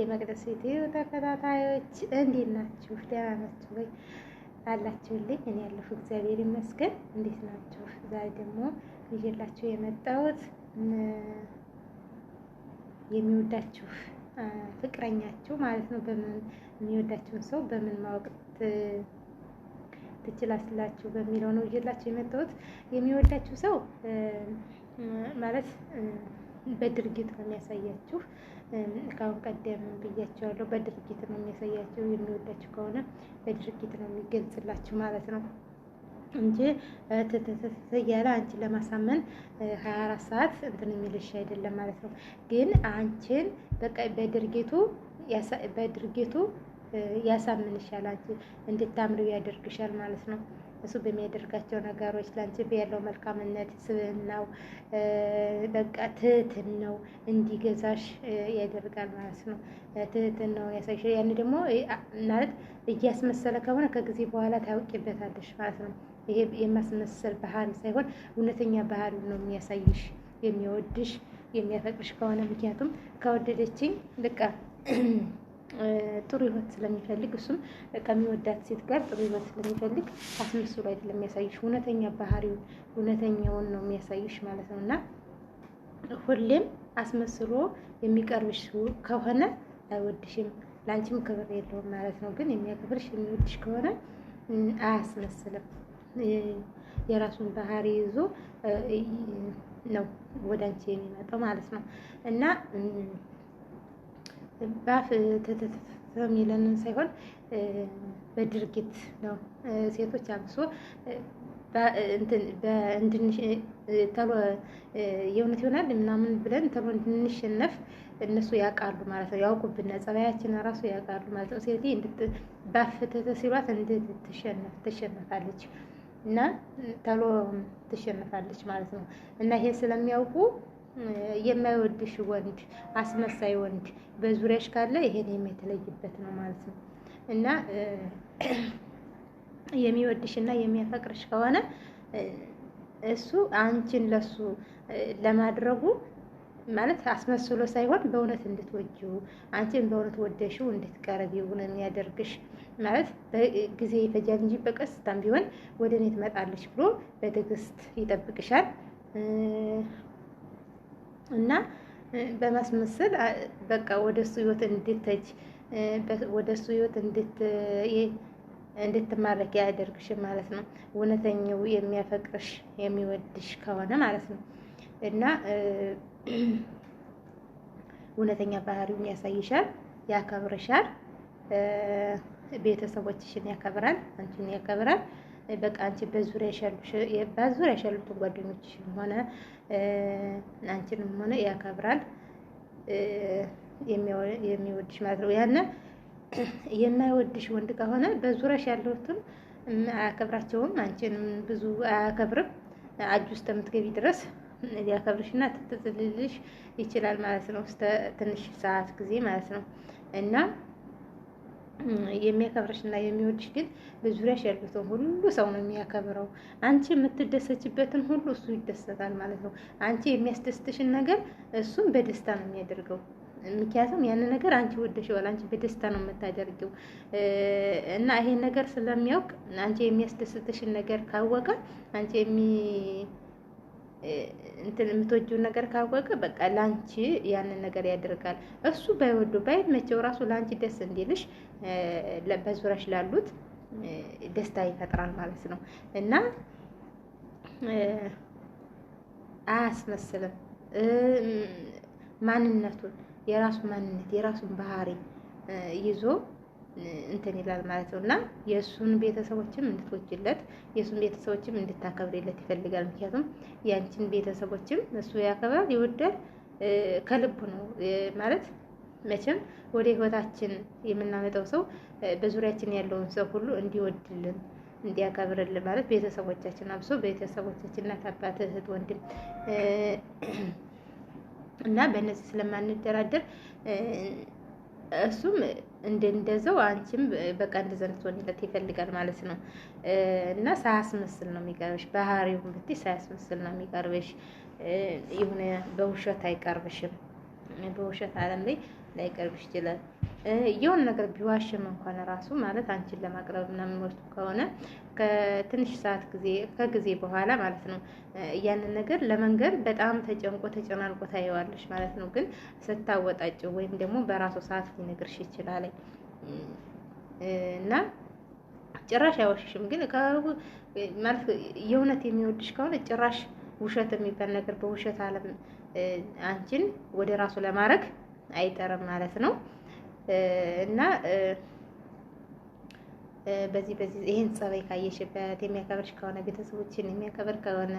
የመቅደስ ቪዲዮ ተከታታዮች እንዴት ናችሁ? ደህና ናችሁ ወይ? አላችሁልኝ? እኔ ያለሁ እግዚአብሔር ይመስገን። እንዴት ናችሁ? ዛሬ ደግሞ ይዤላችሁ የመጣሁት የሚወዳችሁ ፍቅረኛችሁ ማለት ነው። በምን የሚወዳችሁን ሰው በምን ማወቅ ትችላላችሁ በሚለው ነው ይዤላችሁ የመጣሁት። የሚወዳችሁ ሰው ማለት በድርጊት ነው የሚያሳያችሁ። ከአሁን ቀደም ብያቸዋለሁ። በድርጊት ነው የሚያሳያችሁ። የሚወዳችሁ ከሆነ በድርጊት ነው የሚገልጽላችሁ ማለት ነው እንጂ ትትትት እያለ አንቺን ለማሳመን ሀያ አራት ሰዓት እንትን የሚልሽ አይደለም ማለት ነው። ግን አንቺን በድርጊቱ በድርጊቱ ያሳምንሻል፣ አንቺ እንድታምሪው ያደርግሻል ማለት ነው። እሱ በሚያደርጋቸው ነገሮች ላንቺ ያለው መልካምነት፣ ስብህናው፣ በቃ ትህትን ነው እንዲገዛሽ ያደርጋል ማለት ነው። ትህትን ነው ያሳይሽ። ያን ደግሞ ማለት እያስመሰለ ከሆነ ከጊዜ በኋላ ታውቂበታለሽ ማለት ነው። ይሄ የማስመሰል ባህሪ ሳይሆን እውነተኛ ባህሪ ነው የሚያሳይሽ የሚወድሽ የሚያፈቅርሽ ከሆነ ምክንያቱም ከወደደችኝ በቃ ጥሩ ህይወት ስለሚፈልግ እሱም ከሚወዳት ሴት ጋር ጥሩ ህይወት ስለሚፈልግ አስመስሎ አይደለም የሚያሳይሽ፣ እውነተኛ ባህሪውን እውነተኛውን ነው የሚያሳይሽ ማለት ነው። እና ሁሌም አስመስሎ የሚቀርብሽ ከሆነ አይወድሽም፣ ለአንቺም ክብር የለውም ማለት ነው። ግን የሚያከብርሽ የሚወድሽ ከሆነ አያስመስልም። የራሱን ባህሪ ይዞ ነው ወደ አንቺ የሚመጣው ማለት ነው እና ባፍ የሚለንን ሳይሆን በድርጊት ነው። ሴቶች አብሶ ተሎ የእውነት ይሆናል ምናምን ብለን ተሎ እንድንሸነፍ እነሱ ያውቃሉ ማለት ነው። ያውቁብና ጸባያችን ራሱ ያውቃሉ ማለት ነው። ሴት ባፍተተ ሲሏት እንድትሸነፍ ትሸነፋለች እና ተሎ ትሸነፋለች ማለት ነው እና ይሄ ስለሚያውቁ የማይወድሽ ወንድ አስመሳይ ወንድ በዙሪያሽ ካለ ይሄን የምትለይበት ነው ማለት ነው እና የሚወድሽ እና የሚያፈቅርሽ ከሆነ እሱ አንቺን ለሱ ለማድረጉ ማለት አስመስሎ ሳይሆን በእውነት እንድትወጂው አንቺን በእውነት ወደሽው እንድትቀርቢው ነው የሚያደርግሽ። ማለት በጊዜ ይፈጃል እንጂ በቀስታም ቢሆን ወደ እኔ ትመጣለች ብሎ በትዕግስት ይጠብቅሻል። እና በማስመሰል በቃ ወደ እሱ ህይወት እንድትተች ወደ እሱ ህይወት እንድትማረክ ያደርግሽ ማለት ነው። እውነተኛው የሚያፈቅርሽ የሚወድሽ ከሆነ ማለት ነው እና እውነተኛ ባህሪውን ያሳይሻል፣ ያከብርሻል፣ ቤተሰቦችሽን ያከብራል፣ አንቺን ያከብራል። በቃ አንቺ በዙሪያ ያሉትን ጓደኞችሽም ሆነ አንቺንም ሆነ ያከብራል የሚወድሽ ማለት ነው። ያነ የማይወድሽ ወንድ ከሆነ በዙሪያሽ ያሉትም አያከብራቸውም፣ አንቺንም ብዙ አያከብርም። አጅ ውስጥ የምትገቢ ድረስ ሊያከብርሽና ትትልልሽ ይችላል ማለት ነው። እስከ ትንሽ ሰዓት ጊዜ ማለት ነው እና የሚያከብረሽ እና የሚወድሽ ግን በዙሪያሽ ያሉትን ሁሉ ሰው ነው የሚያከብረው። አንቺ የምትደሰችበትን ሁሉ እሱ ይደሰታል ማለት ነው። አንቺ የሚያስደስትሽን ነገር እሱም በደስታ ነው የሚያደርገው። ምክንያቱም ያንን ነገር አንቺ ወደሽዋል፣ አንቺ በደስታ ነው የምታደርጊው እና ይሄን ነገር ስለሚያውቅ አንቺ የሚያስደስትሽን ነገር ካወቀ አንቺ የሚ እንትን የምትወጂውን ነገር ካወቀ በቃ ላንቺ ያንን ነገር ያደርጋል። እሱ ባይወዱ ባይመቸው ራሱ ላንቺ ደስ እንዲልሽ በዙሪያሽ ላሉት ደስታ ይፈጥራል ማለት ነው እና አያስመስልም ማንነቱን የራሱ ማንነት የራሱን ባህሪ ይዞ እንትን ይላል ማለት ነው እና የእሱን ቤተሰቦችም እንድትወጅለት የእሱን ቤተሰቦችም እንድታከብርለት ይፈልጋል። ምክንያቱም ያንቺን ቤተሰቦችም እሱ ያከብራል፣ ይወዳል፣ ከልቡ ነው ማለት መቼም ወደ ህይወታችን የምናመጣው ሰው በዙሪያችን ያለውን ሰው ሁሉ እንዲወድልን እንዲያከብርልን ማለት ቤተሰቦቻችን አብሶ ቤተሰቦቻችን እናት፣ አባት፣ እህት፣ ወንድም እና በእነዚህ ስለማንደራደር እሱም እንደንደዘው አንቺም በቃ እንደዚያ እንድትሆንለት ይፈልጋል ማለት ነው። እና ሳያስመስል ነው የሚቀርብሽ። ባህሪውን ብትይ ሳያስመስል ነው የሚቀርብሽ። የሆነ በውሸት አይቀርብሽም። በውሸት አለም ላይ ላይቀርብሽ ይችላል። የሆነ ነገር ቢዋሽም እንኳን ራሱ ማለት አንቺን ለማቅረብ ምናምን ወርቱ ከሆነ ከትንሽ ሰዓት ጊዜ ከጊዜ በኋላ ማለት ነው ያንን ነገር ለመንገር በጣም ተጨንቆ ተጨናንቆ ታየዋለሽ ማለት ነው። ግን ስታወጣጭው ወይም ደግሞ በራሱ ሰዓት ሊነግርሽ ይችላል እና ጭራሽ አይዋሽሽም። ግን ማለት የእውነት የሚወድሽ ከሆነ ጭራሽ ውሸት የሚባል ነገር በውሸት ዓለም አንቺን ወደ ራሱ ለማድረግ አይጠርም ማለት ነው እና በዚህ በዚህ ይህን ጸባይ ካየሽበት የሚያከብርሽ ከሆነ ቤተሰቦችን የሚያከብር ከሆነ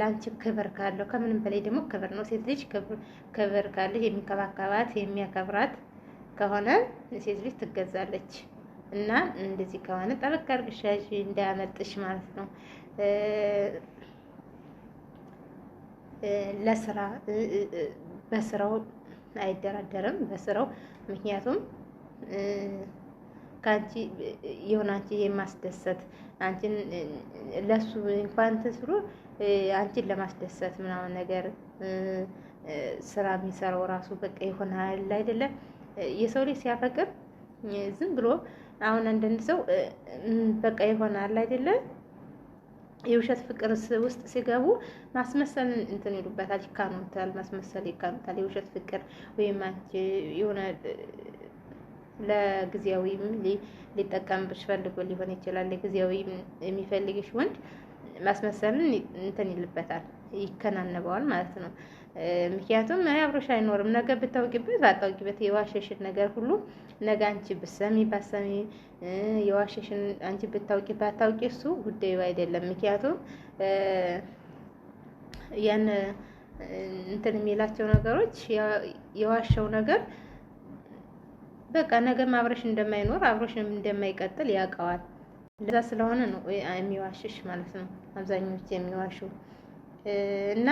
ላንቺ ክብር ካለው ከምንም በላይ ደግሞ ክብር ነው። ሴት ልጅ ክብር ካለች የሚንከባከባት የሚያከብራት ከሆነ ሴት ልጅ ትገዛለች። እና እንደዚህ ከሆነ ጠበቅ አድርግሻሽ እንዳያመልጥሽ ማለት ነው። ለስራ በስራው አይደራደርም በስራው። ምክንያቱም ከአንቺ የሆነ አንቺ የማስደሰት አንቺን ለሱ እንኳን ትስሩ አንቺን ለማስደሰት ምናምን ነገር ስራ የሚሰራው ራሱ በቃ ይሆናል አይደለም። የሰው ልጅ ሲያፈቅር ዝም ብሎ አሁን አንዳንድ ሰው በቃ ይሆናል አይደለም የውሸት ፍቅር ውስጥ ሲገቡ ማስመሰል እንትን ይሉበታል፣ ይካኑታል፣ ማስመሰል ይካኑታል። የውሸት ፍቅር ወይም አንቺ የሆነ ለጊዜያዊም ሊጠቀምብሽ ፈልጎ ሊሆን ይችላል። ለጊዜያዊ የሚፈልግሽ ወንድ ማስመሰልን እንትን ይልበታል፣ ይከናነበዋል ማለት ነው። ምክንያቱም አብሮሽ አይኖርም። ነገ ብታውቂበት ባታውቂበት የዋሸሽን ነገር ሁሉ ነገ አንቺ ብሰሚ ባሰሚ የዋሸሽን አንቺ ብታውቂ ባታውቂ እሱ ጉዳዩ አይደለም። ምክንያቱም ያን እንትን የሚላቸው ነገሮች የዋሸው ነገር በቃ ነገ አብረሽ እንደማይኖር አብሮሽ እንደማይቀጥል ያውቀዋል። ለዛ ስለሆነ ነው የሚዋሽሽ ማለት ነው አብዛኞቹ የሚዋሹ እና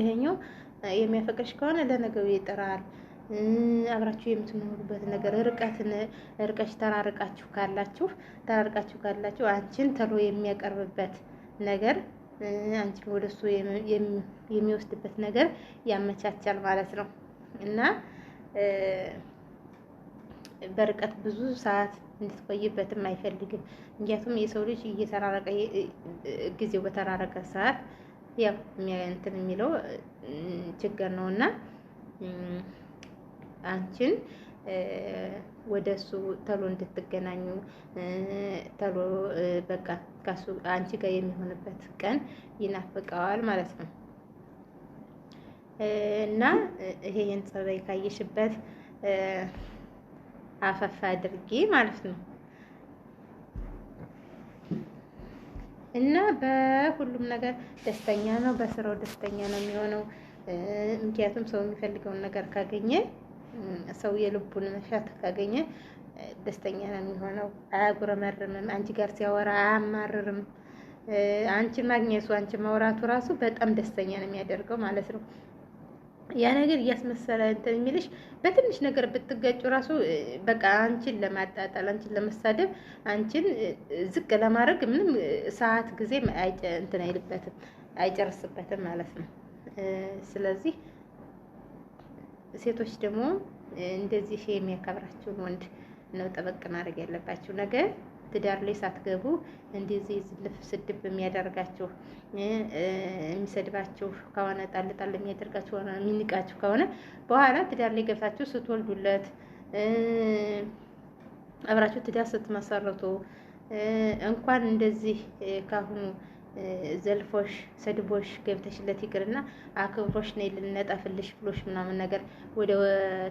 ይሄኛው የሚያፈቅርሽ ከሆነ ለነገው ይጥራል። አብራችሁ የምትኖሩበት ነገር ርቀትን ርቀሽ ተራርቃችሁ ካላችሁ ተራርቃችሁ ካላችሁ አንቺን ተሎ የሚያቀርብበት ነገር አንቺን ወደ እሱ የሚወስድበት ነገር ያመቻቻል ማለት ነው እና በርቀት ብዙ ሰዓት እንድትቆይበትም አይፈልግም። ምክንያቱም የሰው ልጅ እየተራረቀ ጊዜው በተራረቀ ሰዓት ያው እንትን የሚለው ችግር ነው እና አንቺን ወደ እሱ ተሎ እንድትገናኙ ተሎ በቃ ከሱ አንቺ ጋር የሚሆንበት ቀን ይናፍቀዋል ማለት ነው እና ይሄን ጸባይ ካየሽበት አፈፋ አድርጊ ማለት ነው። እና በሁሉም ነገር ደስተኛ ነው፣ በስራው ደስተኛ ነው የሚሆነው። ምክንያቱም ሰው የሚፈልገውን ነገር ካገኘ፣ ሰው የልቡን መሻት ካገኘ ደስተኛ ነው የሚሆነው። አያጉረመርምም። አንቺ ጋር ሲያወራ አያማርርም። አንቺ ማግኘቱ አንቺ ማውራቱ ራሱ በጣም ደስተኛ ነው የሚያደርገው ማለት ነው። ያ ነገር እያስመሰለ እንትን የሚልሽ በትንሽ ነገር ብትጋጩ ራሱ በቃ አንቺን ለማጣጣል አንቺን ለመሳደብ አንቺን ዝቅ ለማድረግ ምንም ሰዓት ጊዜ እንትን አይልበትም አይጨርስበትም ማለት ነው። ስለዚህ ሴቶች ደግሞ እንደዚህ የሚያከብራችሁን ወንድ ነው ጠበቅ ማድረግ ያለባችሁ ነገር ትዳር ላይ ሳትገቡ እንደዚህ ዝልፍ ስድብ የሚያደርጋችሁ የሚሰድባችሁ ከሆነ ጣልጣል የሚያደርጋችሁ ሆነ የሚንቃችሁ ከሆነ በኋላ ትዳር ላይ ገብታችሁ ስትወልዱለት አብራችሁ ትዳር ስትመሰረቱ እንኳን እንደዚህ ካሁኑ ዘልፎሽ ሰድቦሽ ገብተሽለት ይቅርና አክብሮሽ ነይ ልነጠፍልሽ ብሎሽ ምናምን ነገር ወደ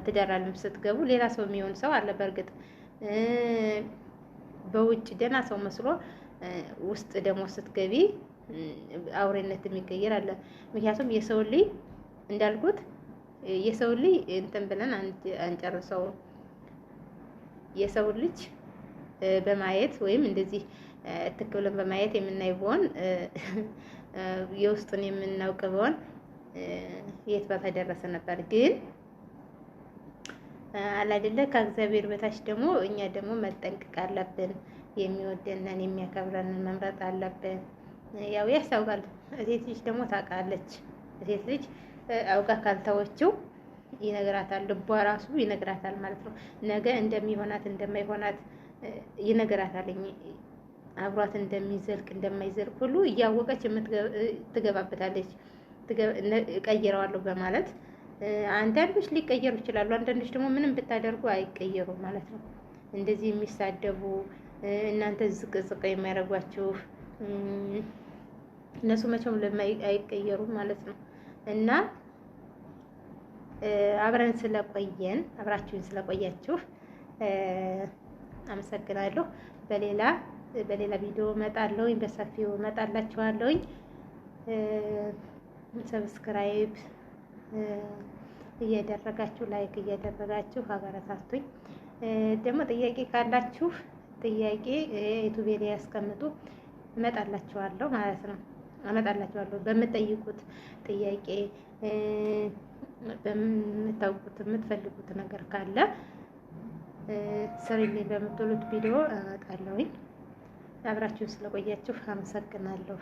ትዳር አለም ስትገቡ ሌላ ሰው የሚሆን ሰው አለ በእርግጥ በውጭ ደህና ሰው መስሎ ውስጥ ደግሞ ስትገቢ አውሬነት የሚቀየር አለ። ምክንያቱም የሰው ልጅ እንዳልኩት የሰው ልጅ እንትን ብለን አንጨርሰው። የሰው ልጅ በማየት ወይም እንደዚህ እትክ ብለን በማየት የምናይ ብሆን የውስጡን የምናውቅ ብሆን የት ቦታ ደረሰ ነበር ግን አላደለ ከእግዚአብሔር በታች ደግሞ እኛ ደግሞ መጠንቀቅ አለብን። የሚወደንን የሚያከብረንን መምረጥ አለብን። ያው ያስታውቃል። ሴት ልጅ ደግሞ ታውቃለች። ሴት ልጅ አውቃ ካልተወችው ይነግራታል። ልቧ ራሱ ይነግራታል ማለት ነው። ነገ እንደሚሆናት እንደማይሆናት ይነግራታል። አብሯት እንደሚዘልቅ እንደማይዘልቅ ሁሉ እያወቀች ትገባበታለች። ቀይረዋለሁ በማለት አንዳንዶች ሊቀየሩ ይችላሉ። አንዳንዶች ደግሞ ምንም ብታደርጉ አይቀየሩ ማለት ነው። እንደዚህ የሚሳደቡ እናንተ ዝቅ ዝቅ የሚያደርጓችሁ እነሱ መቼም አይቀየሩም ማለት ነው እና አብረን ስለቆየን አብራችሁን ስለቆያችሁ አመሰግናለሁ። በሌላ በሌላ ቪዲዮ እመጣለሁኝ፣ በሰፊው እመጣላችኋለሁኝ። ሰብስክራይብ እያደረጋችሁ ላይክ እያደረጋችሁ አበረታቱኝ። ደግሞ ጥያቄ ካላችሁ ጥያቄ ዩቱቤ ላይ ያስቀምጡ፣ እመጣላችኋለሁ ማለት ነው። እመጣላችኋለሁ በምጠይቁት ጥያቄ በምታውቁት የምትፈልጉት ነገር ካለ ስሪልኝ በምትሉት ቪዲዮ እመጣለሁኝ። አብራችሁ ስለቆያችሁ አመሰግናለሁ።